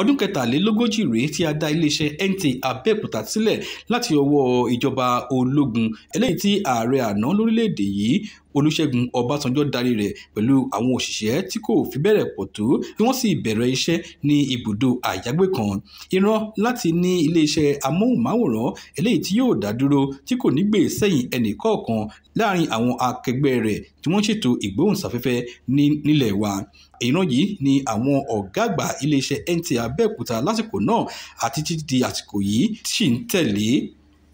ọdún kẹtàlélógójì rèé tí a da iléeṣẹ́ NTA Abẹ́òkúta sílẹ̀ láti ọwọ́ ìjọba ológun eléyìí tí ààrẹ àná lórílẹ̀‐èdè yìí olúṣẹ́gun ọbásanjọ́ darí rẹ̀ pẹ̀lú àwọn òṣìṣẹ́ tí kò fi bẹ̀rẹ̀ pọ̀ tó bí wọ́n sì bẹ̀rẹ̀ iṣẹ́ ní ibùdó àyágbé kan ìran láti ní iléeṣẹ́ amóhùnmáwòrán eléyìí tí yóò dá dúró tí kò ní gbè sẹ́yìn ẹnì kọ̀ọ̀kan láàrin àwọn akẹgbẹ́ rẹ̀ tí wọ́n ṣètò ìgbóhùnsáfẹ́fẹ́ nílẹ̀ wa ìran yìí ni àwọn ọ̀gá àgbà iléeṣẹ́ NTA Abẹ́òkúta lásìkò náà àti títí di àsìkò yìí ṣì ń tẹ̀lé.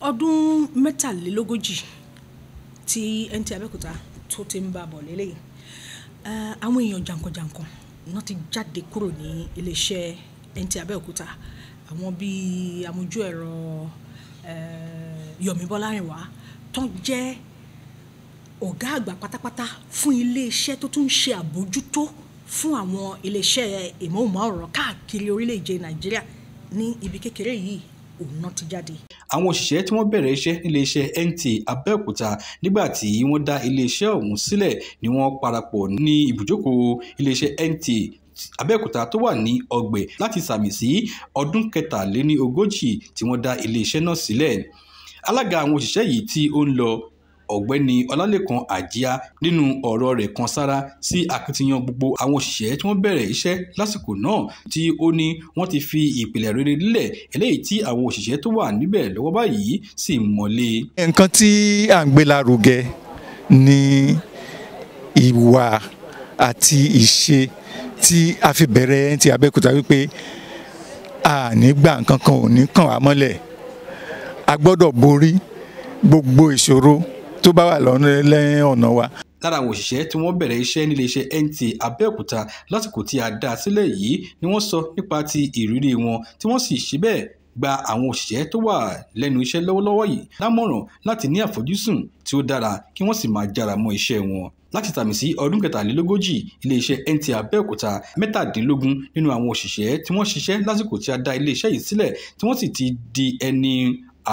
ọdún mẹ́tàlélógójì tí NTA Abẹ́òkúta tó ti ń bá bọ̀ lélẹ́yìí àwọn èèyàn jàǹkànjàǹkàn náà ti jáde kúrò ní iléeṣẹ́ NTA Abẹ́òkúta àwọn bíi amójú ẹ̀rọ Yọ̀mí Bọ́lárìnwá tó jẹ́ ọ̀gá àgbà pátápátá fún iléeṣẹ́ tó tún ń ṣe àbójútó fún àwọn iléeṣẹ́ ìmọ̀ọ́mọ̀ ọ̀rọ̀ káàkiri orílẹ̀-èdè Nàìjíríà ní ibi kékeré yìí òun náà ti jáde. àwọn òṣìṣẹ́ tí wọ́n bẹ̀rẹ̀ iṣẹ́ nílé iṣẹ́ NTA Abẹ́òkúta nígbà tí wọ́n dá ilé iṣẹ́ ọ̀hún sílẹ̀ ni wọ́n parapọ̀ ní ibùjókòó ilé iṣẹ́ NTA Abẹ́òkúta tó wà ní ọgbẹ̀ láti sàmì sí ọdún kẹtàléní ogójì tí wọ́n dá ilé iṣẹ́ náà sílẹ̀ alága àwọn òṣìṣẹ́ yìí tí ó ń lọ ọ̀gbẹ́ni ọlálẹ́kan àjíá nínú ọ̀rọ̀ rẹ̀ kan sára sí akitiyan gbogbo àwọn òṣìṣẹ́ tí wọ́n bẹ̀rẹ̀ iṣẹ́ lásìkò náà tí ó ní wọ́n ti fi ìpìlẹ̀ rere lílẹ̀ eléyìí tí àwọn òṣìṣẹ́ tó wà níbẹ̀ lọ́wọ́ báyìí sì mọ́lé. nǹkan tí à ń gbé lárugẹ ni ìwà àti ìṣe tí a fi bẹ̀rẹ̀ ti Abẹ́òkúta wípé a ní gbà nǹkan kan ò ní kàn wá mọ́lẹ̀ a gbọ́dọ̀ borí gbogbo ìṣòro tó bá wà lẹ́yìn ọ̀nà wa lára àwọn òṣìṣẹ́ tí wọ́n bẹ̀rẹ̀ iṣẹ́ níléeṣẹ́ NTA Abẹ́òkúta lásìkò tí a dá a sílẹ̀ yìí ni wọ́n sọ nípa ti ìrírí wọn tí wọ́n sì ṣe bẹ́ẹ̀ gba àwọn òṣìṣẹ́ tó wà lẹ́nu iṣẹ́ lọ́wọ́lọ́wọ́ yìí lámọ̀ràn láti ní àfojúsùn tí ó dára kí wọ́n sì máa jára mọ́ iṣẹ́ wọn láti tàmì sí ọdún kẹtàlélógójì iléeṣẹ́ NTA Abẹ́òkúta mẹ́tàdínlógún nínú àwọn òṣìṣẹ́ tí wọ́n ṣiṣẹ́ lásìkò tí a dá iléeṣẹ́ yìí sílẹ̀ tí wọ́n sì ti di ẹni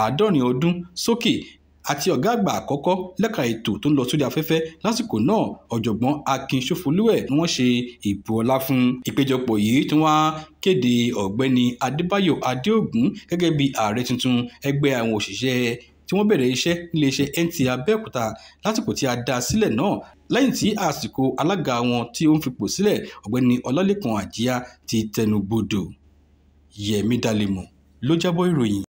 àádọ́rin ọdún sókè àti ọ̀gá àgbà àkọ́kọ́ lẹ́ka ètò tó ń lọ sórí afẹ́fẹ́ lásìkò náà ọ̀jọ̀gbọ́n Akin Ṣófolúwẹ̀ ni wọ́n ṣe ìbò ọlá fún ìpéjọpọ̀ yìí tí wọ́n á kéde ọ̀gbẹ́ni Adébáyọ̀ Adéògún gẹ́gẹ́ bí ààrẹ tuntun ẹgbẹ́ àwọn òṣìṣẹ́ tí wọ́n bẹ̀rẹ̀ iṣẹ́ níléeṣẹ́ NTA Abẹ́òkúta lásìkò tí a dá sílẹ̀ náà lẹ́yìn tí àsìkò alága wọn tí ó ń fipò sílẹ̀ ọ̀gbẹ́ni Ọlálẹ́kan Àjíá ti tẹnubodò Yẹmí Dalemo ló jábọ̀ ìròyìn